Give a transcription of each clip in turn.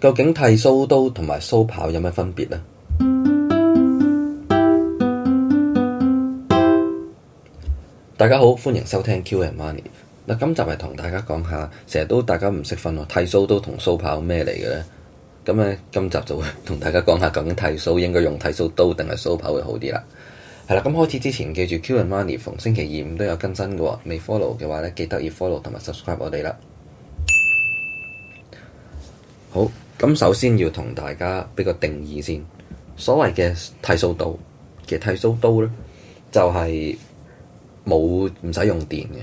究竟剃鬚刀同埋鬚刨有咩分別呢？ 大家好，歡迎收聽 Q and Money。嗱，今集係同大家講下，成日都大家唔識分喎，剃鬚刀同鬚刨咩嚟嘅咧？咁咧，今集就會同大家講下，究竟剃鬚應該用剃鬚刀定係鬚刨會好啲啦。係、嗯、啦，咁開始之前，記住 Q and Money 逢星期二五都有更新嘅，未 follow 嘅話咧，記得要 follow 同埋 subscribe 我哋啦。好。咁首先要同大家俾個定義先，所謂嘅剃鬚刀嘅剃鬚刀咧，就係冇唔使用電嘅，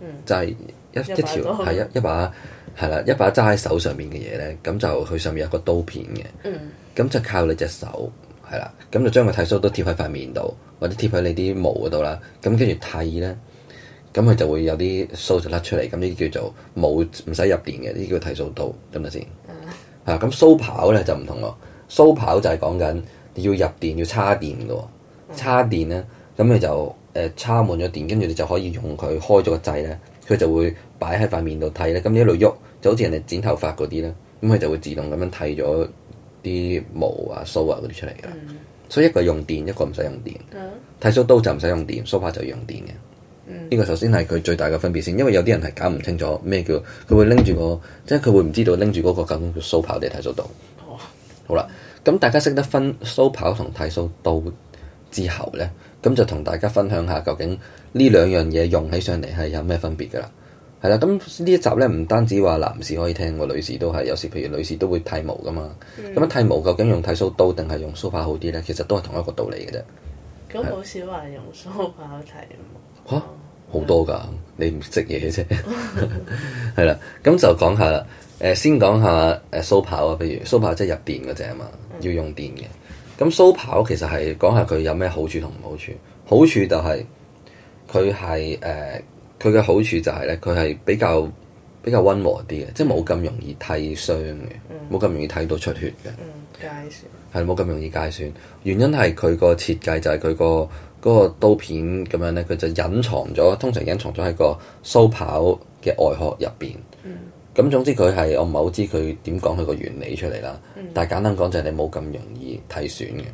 嗯、就係一一條，係一一把，係啦，一把揸喺手上面嘅嘢咧，咁就佢上面有個刀片嘅，咁、嗯、就靠你隻手，係啦，咁就將個剃鬚刀貼喺塊面度，或者貼喺你啲毛嗰度啦，咁跟住剃咧，咁佢就會有啲鬚就甩出嚟，咁呢啲叫做冇唔使入電嘅，呢啲叫剃鬚刀，明咪先？啊，咁梳刨咧就唔同咯，梳、so、刨就係講緊你要入電要插電嘅、哦，叉、嗯、電咧，咁你就誒插、呃、滿咗電，跟住你就可以用佢開咗個掣咧，佢就會擺喺塊面度睇咧，咁一路喐就好似人哋剪頭髮嗰啲咧，咁佢就會自動咁樣剃咗啲毛啊梳、so、啊嗰啲出嚟嘅，嗯、所以一個用電，一個唔使用，用電，嗯、剃鬚刀就唔使用，用電，梳、so、刨就用電嘅。呢、嗯、個首先係佢最大嘅分別先，因為有啲人係搞唔清楚咩叫佢會拎住個，即係佢會唔知道拎住嗰個究竟叫梳刨定係剃鬚刀。哦、好啦，咁大家識得分梳刨同剃鬚刀之後呢，咁就同大家分享下究竟呢兩樣嘢用起上嚟係有咩分別噶啦。係啦，咁呢一集呢，唔單止話男士可以聽，個女士都係，有時譬如女士都會剃毛噶嘛。咁啊、嗯、剃毛究竟用剃鬚刀定係用梳刨好啲呢？其實都係同一個道理嘅啫。咁好少話用梳刨剃好多噶，你唔識嘢啫，係啦。咁就講下，誒、呃、先講下誒蘇跑啊。譬、呃呃、如蘇跑即係入電嗰隻啊嘛，要用電嘅。咁蘇跑其實係講下佢有咩好處同唔好處。好處就係佢係誒，佢、呃、嘅好處就係咧，佢係比較比較溫和啲嘅，即係冇咁容易剃傷嘅，冇咁、嗯、容易剃到出血嘅。嗯，介算係冇咁容易介算。原因係佢個設計就係佢個。嗰個刀片咁樣咧，佢就隱藏咗，通常隱藏咗喺個鬚刨嘅外殼入邊。咁、嗯、總之佢係，我唔係好知佢點講佢個原理出嚟啦。嗯、但係簡單講就係你冇咁容易睇損嘅。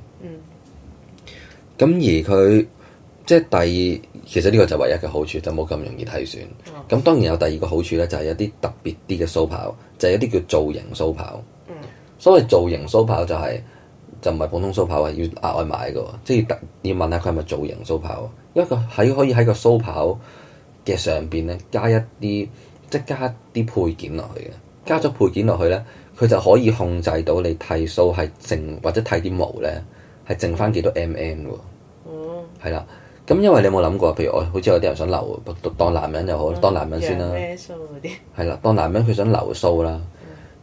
咁、嗯、而佢即係第二，其實呢個就唯一嘅好處就冇咁容易睇損。咁、嗯、當然有第二個好處咧，就係、是、有啲特別啲嘅鬚刨，就係、是、一啲叫造型鬚刨。嗯、所謂造型鬚刨就係、是。就唔係普通鬚刨喎，要額外買㗎喎，即係要問下佢係咪造型鬚刨。因為佢喺可以喺個鬚刨嘅上邊咧加一啲，即係加啲配件落去嘅，加咗配件落去咧，佢就可以控制到你剃鬚係剩或者剃啲毛咧，係剩翻幾多 mm 喎？哦、嗯，係啦，咁因為你有冇諗過？譬如我，好似有啲人想留，當男人又好，當男人先啦。咩係啦，當男人佢想留鬚啦。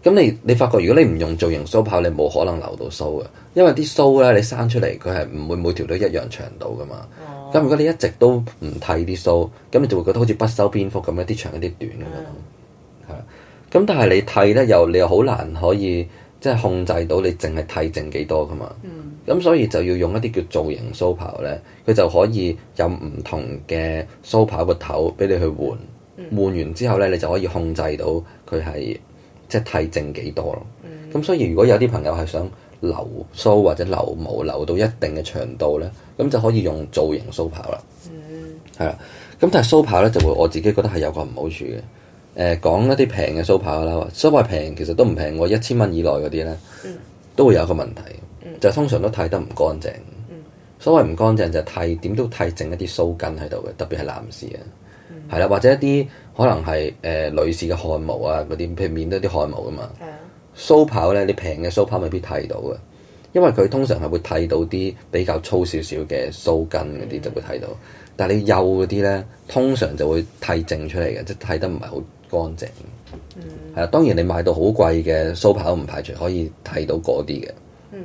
咁你你發覺，如果你唔用造型鬚刨，你冇可能留到鬚嘅，因為啲鬚咧你生出嚟，佢係唔會每條都一樣長度噶嘛。咁、哦、如果你一直都唔剃啲鬚，咁你就會覺得好似不修邊幅咁，一啲長一啲短咁樣。係啦、嗯，咁但係你剃咧，又你又好難可以即係控制到，你淨係剃剩幾多噶嘛。咁、嗯、所以就要用一啲叫做造型鬚刨咧，佢就可以有唔同嘅鬚刨個頭俾你去換。換、嗯、完之後咧，你就可以控制到佢係。即係剃淨幾多咯，咁所以如果有啲朋友係想留鬚或者留毛留到一定嘅長度咧，咁就可以用造型鬚刨啦。係啦，咁、mm. 但係鬚刨咧就會我自己覺得係有個唔好處嘅。誒、呃、講一啲平嘅鬚刨啦，所謂平其實都唔平我一千蚊以內嗰啲咧都會有一個問題，就通常都剃得唔乾淨。Mm. 所謂唔乾淨就係剃點都剃淨一啲鬚根喺度嘅，特別係男士啊，係啦、mm.，或者一啲。可能係誒、呃、女士嘅汗毛啊，嗰啲譬如面嗰啲汗毛啊嘛。係啊，鬚刨咧，你平嘅鬚刨未必剃到嘅，因為佢通常係會剃到啲比較粗少少嘅鬚根嗰啲就會剃到。嗯、但係你幼嗰啲咧，通常就會剃淨出嚟嘅，即係剃得唔係好乾淨。係啊、嗯，當然你買到好貴嘅鬚刨，都唔排除可以剃到嗰啲嘅。嗯，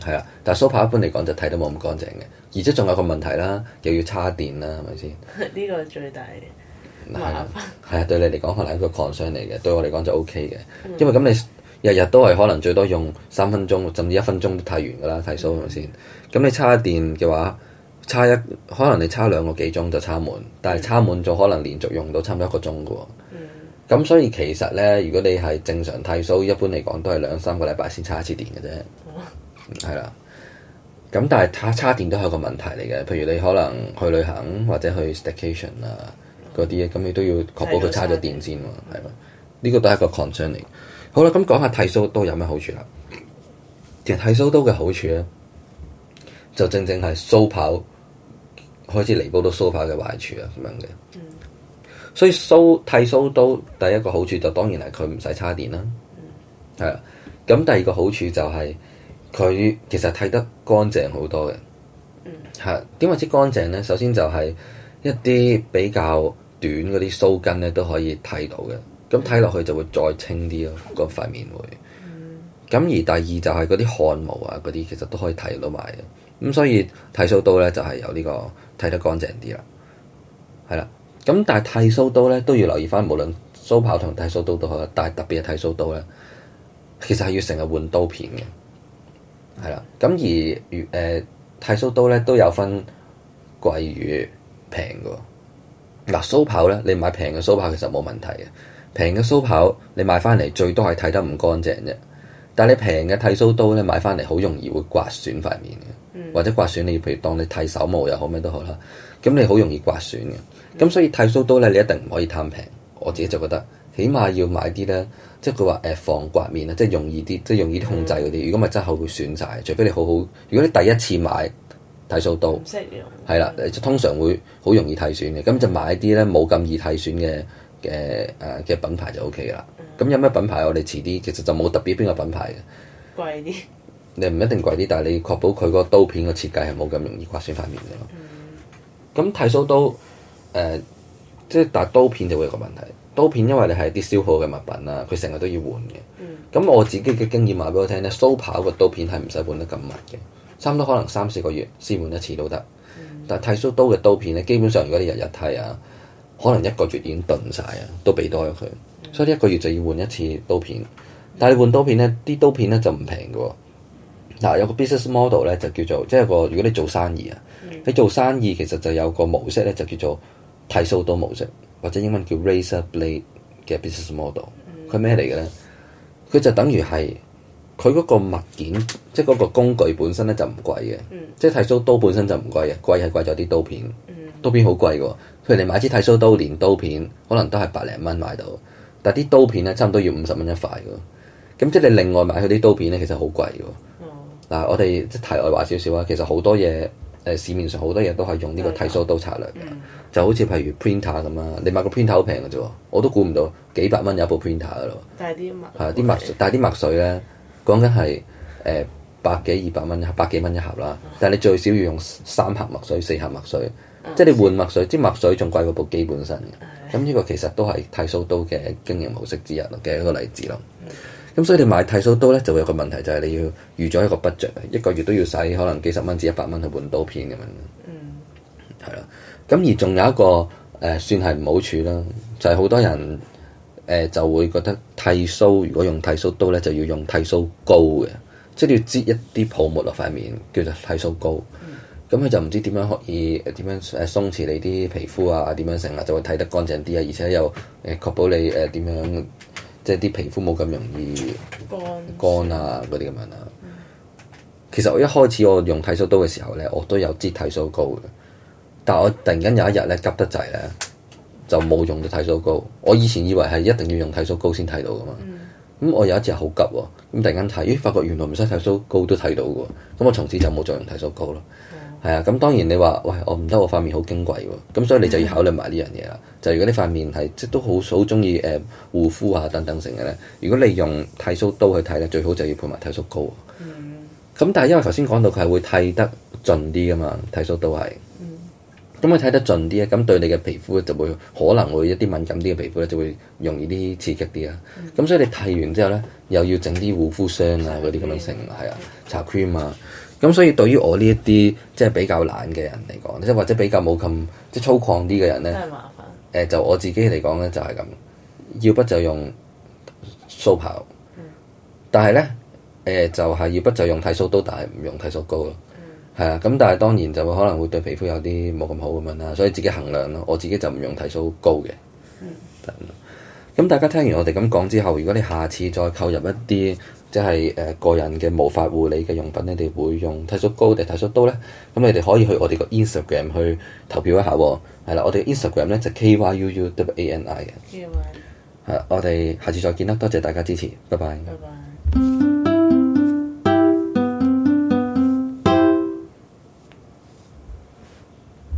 係啊，但係鬚刨一般嚟講就剃得冇咁乾淨嘅，而且仲有個問題啦，又要叉電啦，係咪先？呢個最大。 係啊，係啊， 對你嚟講可能係一個 concern 嚟嘅，對我嚟講就 O K 嘅，因為咁你日日都係可能最多用三分鐘，甚至一分鐘都剃完噶啦，剃鬚係咪先？咁、嗯、你叉電嘅話，叉一可能你叉兩個幾鐘就叉滿，但係叉滿咗、嗯、可能連續用到差唔多一個鐘噶喎、哦。咁、嗯、所以其實咧，如果你係正常剃鬚，一般嚟講都係兩三個禮拜先叉一次電嘅啫，係啦、嗯。咁但係叉叉電都係個問題嚟嘅，譬如你可能去旅行或者去 staycation 啊。嗰啲嘢，咁你都要確保佢差咗電先喎，係嘛？呢個都係一個 concern 嚟。好啦，咁講下剃鬚刀有咩好處啦。其實剃鬚刀嘅好處咧，就正正係蘇跑開始彌補到蘇跑嘅壞處啊，咁樣嘅。嗯。所以蘇剃鬚刀第一個好處就當然係佢唔使插電啦。嗯。係啦，咁第二個好處就係佢其實剃得乾淨好多嘅。嗯。係點為之乾淨咧？首先就係一啲比較短嗰啲鬚根咧都可以剃到嘅，咁睇落去就會再清啲咯，嗰塊面會。咁、嗯、而第二就係嗰啲汗毛啊，嗰啲其實都可以剃到埋嘅。咁所以剃鬚刀咧就係、係、有呢、呢個剃得乾淨啲啦，係啦。咁但係剃鬚刀咧都要留意翻，無論梳刨同剃鬚刀都好，但係特別係剃鬚刀咧，其實係要成日換刀片嘅，係啦。咁而誒剃鬚刀咧都有分貴與平嘅。嗱，鬚刨咧，你買平嘅鬚刨其實冇問題嘅，平嘅鬚刨，你買翻嚟最多係剃得唔乾淨啫。但係你平嘅剃鬚刀咧，買翻嚟好容易會刮損塊面嘅，嗯、或者刮損你譬如當你剃手毛又好咩都好啦，咁你好容易刮損嘅。咁、嗯、所以剃鬚刀咧，你一定唔可以貪平，我自己就覺得，起碼要買啲咧，即係佢話誒防刮面啦，即係容易啲，即係容易啲控制嗰啲。如果咪真係會損晒，除非你好好。如果你第一次買。剃鬚刀係啦，通常會好容易剃損嘅，咁就買啲咧，冇咁易剃損嘅嘅誒嘅品牌就 OK 啦。咁有咩品牌？我哋遲啲其實就冇特別邊個品牌嘅，貴啲。你唔一定貴啲，但係你確保佢個刀片嘅設計係冇咁容易刮損塊面嘅。咁剃鬚刀誒，即係但係刀片就會有個問題，刀片因為你係一啲消耗嘅物品啦，佢成日都要換嘅。咁我自己嘅經驗話俾我聽咧，Super 個刀片係唔使換得咁密嘅。差唔多可能三四個月，先換一次都得。嗯、但剃鬚刀嘅刀片咧，基本上如果你日日剃啊，可能一個月已經鈍晒啊，都俾多咗佢。嗯、所以呢，一個月就要換一次刀片。但你換刀片咧，啲刀片咧就唔平㗎。嗱、啊，有個 business model 咧就叫做，即係個如果你做生意啊，嗯、你做生意其實就有個模式咧就叫做剃鬚刀模式，或者英文叫 razor blade 嘅 business model。佢咩嚟嘅咧？佢就等於係。佢嗰個物件，即係嗰個工具本身咧就唔貴嘅，嗯、即係剃鬚刀本身就唔貴嘅，貴係貴咗啲刀片。嗯、刀片好貴嘅，譬如你買支剃鬚刀，連刀片可能都係百零蚊買到，但係啲刀片咧差唔多要五十蚊一塊嘅。咁即係你另外買佢啲刀片咧、嗯，其實好貴嘅。嗱、呃，我哋即係題外話少少啊。其實好多嘢，誒市面上好多嘢都係用呢個剃鬚刀策略嘅，嗯、就好似譬如 printer 咁啦。你買個 printer 好平嘅啫，我都估唔到幾百蚊有一部 printer 嘅咯。但係啲墨係啲墨，但係啲墨水咧。講緊係誒百幾二百蚊，一百幾蚊一盒啦。但係你最少要用三盒墨水，四盒墨水，啊、即係你換墨水，行即墨水仲貴過部機本身嘅。咁呢、嗯、個其實都係剃鬚刀嘅經營模式之一嘅一個例子咯。咁、嗯、所以你買剃鬚刀咧，就會有個問題，就係、是、你要預咗一個 budget，一個月都要使可能幾十蚊至一百蚊去換刀片咁樣。嗯，係啦。咁而仲有一個誒、呃，算係唔好處啦，就係、是、好多人。誒、呃、就會覺得剃鬚，如果用剃鬚刀咧，就要用剃鬚膏嘅，即係要擠一啲泡沫落塊面，叫做剃鬚膏。咁佢、嗯、就唔知點樣可以誒點、呃、樣誒鬆弛你啲皮膚啊？點樣成啊？就會剃得乾淨啲啊！而且又誒確保你誒點、呃、樣，即係啲皮膚冇咁容易乾乾啊嗰啲咁樣啊。乾其實我一開始我用剃鬚刀嘅時候咧，我都有擠剃鬚膏嘅，但係我突然間有一日咧急得滯咧。就冇用到剃鬚膏，我以前以為係一定要用剃鬚膏先剃到噶嘛。咁、mm. 我有一次好急喎，咁突然間睇，咦，發覺原來唔使剃鬚膏都剃到喎。咁我從此就冇再用剃鬚膏咯。係啊 Yeah.，咁當然你話，喂，我唔得我塊面好矜貴喎，咁所以你就要考慮埋呢樣嘢啦。Mm. 就係如果呢塊面係即都好好中意誒護膚啊等等成嘅咧，如果你用剃鬚刀去剃咧，最好就要配埋剃鬚膏。咁、mm. 但係因為頭先講到佢係會剃得盡啲噶嘛，剃鬚刀係。咁佢睇得盡啲咧，咁對你嘅皮膚就會可能會一啲敏感啲嘅皮膚咧，就會容易啲刺激啲啊。咁、嗯、所以你剃完之後咧，又要整啲護膚霜啊，嗰啲咁樣成係啊，搽 cream 啊。咁所以對於我呢一啲即係比較懶嘅人嚟講，即或者比較冇咁即粗獷啲嘅人咧，真係麻煩。誒、呃，就我自己嚟講咧，就係、是、咁，要不就用鬚刨，嗯、但係咧誒，就係、是、要不就用剃鬚刀，但係唔用剃鬚膏咯。係啊，咁但係當然就會可能會對皮膚有啲冇咁好咁樣啦，所以自己衡量咯。我自己就唔用剃鬚膏嘅。嗯。咁大家聽完我哋咁講之後，如果你下次再購入一啲即係誒個人嘅毛髮護理嘅用品，你哋會用剃鬚膏定係剃鬚刀呢？咁你哋可以去我哋個 Instagram 去投票一下。係啦，我哋 Instagram 咧就 K Y U U W A N I 嘅。係我哋下次再見啦，多謝大家支持，拜拜。